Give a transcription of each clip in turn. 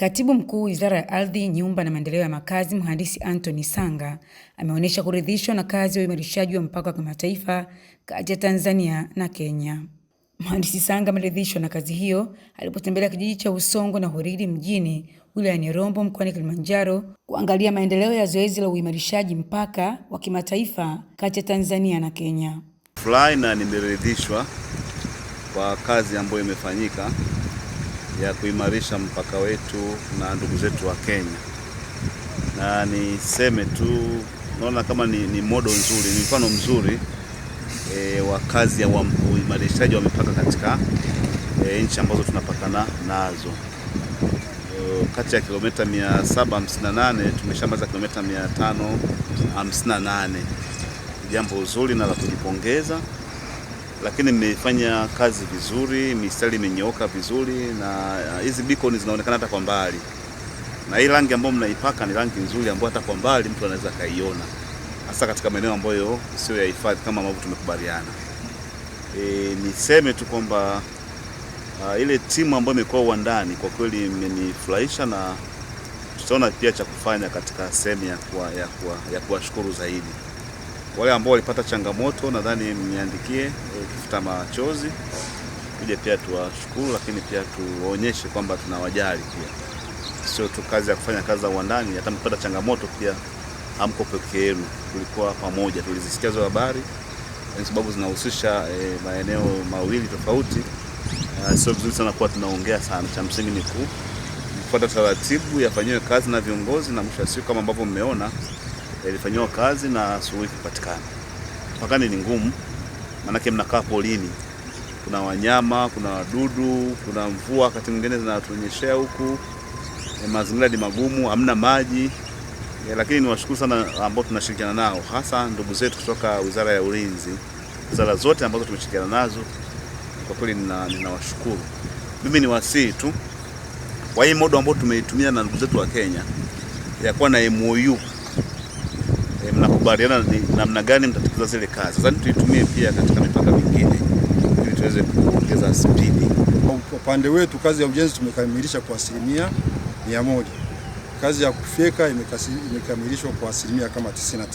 Katibu Mkuu Wizara ya Ardhi, Nyumba na Maendeleo ya Makazi, Mhandisi Anthony Sanga ameonyesha kuridhishwa na kazi ya uimarishaji wa mpaka wa kimataifa kati ya Tanzania na Kenya. Mhandisi Sanga ameridhishwa na kazi hiyo alipotembelea kijiji cha Usongo na Horili mjini wilayani Rombo mkoani Kilimanjaro kuangalia maendeleo ya zoezi la uimarishaji mpaka wa kimataifa kati ya Tanzania na Kenya. Fly na nimeridhishwa kwa kazi ambayo imefanyika ya kuimarisha mpaka wetu na ndugu zetu wa Kenya, na niseme tu naona kama ni, ni modo nzuri, ni mfano mzuri e, wa kazi ya uimarishaji wa mipaka katika e, nchi ambazo tunapakana nazo e, kati ya kilomita 758 tumeshamaliza kilomita 558, jambo zuri na la kujipongeza lakini mmefanya kazi vizuri, mistari imenyooka vizuri, na uh, hizi beacon zinaonekana hata kwa mbali, na hii rangi ambayo mnaipaka ni rangi nzuri ambayo hata kwa mbali mtu anaweza kaiona, hasa katika maeneo ambayo sio ya hifadhi kama ambavyo tumekubaliana. E, niseme tu kwamba uh, ile timu ambayo imekuwa uwandani kwa kweli imenifurahisha na tutaona pia cha kufanya katika sehemu ya kuwashukuru ya kuwa, ya kuwa zaidi. Wale ambao walipata changamoto, nadhani mniandikie eh, kifuta machozi kuja pia tuwashukuru, lakini pia tuwaonyeshe kwamba tunawajali pia, sio tu kazi ya kufanya kazi za uwandani. Hata mpata changamoto pia hamko peke yenu, tulikuwa pamoja, tulizisikia hizo habari kwa sababu zinahusisha e, maeneo mawili tofauti. Uh, sio vizuri sana kuwa tunaongea sana. Cha msingi ni kufuata taratibu, yafanyiwe kazi na viongozi, na mwisho wa siku kama ambavyo mmeona yalifanyiwa kazi na suluhu kupatikana. Pakani ni ngumu, maanake mnakaa polini, kuna wanyama, kuna wadudu, kuna mvua wakati mwingine zinatunyeshea huku, eh, mazingira ni magumu, hamna maji. Eh, lakini niwashukuru sana ambao tunashirikiana nao, hasa ndugu zetu kutoka Wizara ya Ulinzi, wizara zote ambazo tumeshirikiana nazo, kwa kweli ninawashukuru. Mimi ni wasii tu kwa hii modo ambao tumeitumia na ndugu zetu wa Kenya ya kuwa na MOU kukubaliana ni namna gani mtatekeleza zile kazi. Sasa tuitumie pia katika mipaka mingine ili tuweze kuongeza spidi. Kwa upande wetu, kazi ya ujenzi tumekamilisha kwa asilimia mia moja. Kazi ya kufyeka imekamilishwa kwa asilimia kama 95.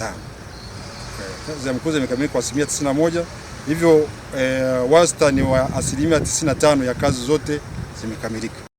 Kazi ya mkuzi imekamilika kwa asilimia 91, hivyo eh, wastani wa asilimia 95 ya kazi zote zimekamilika.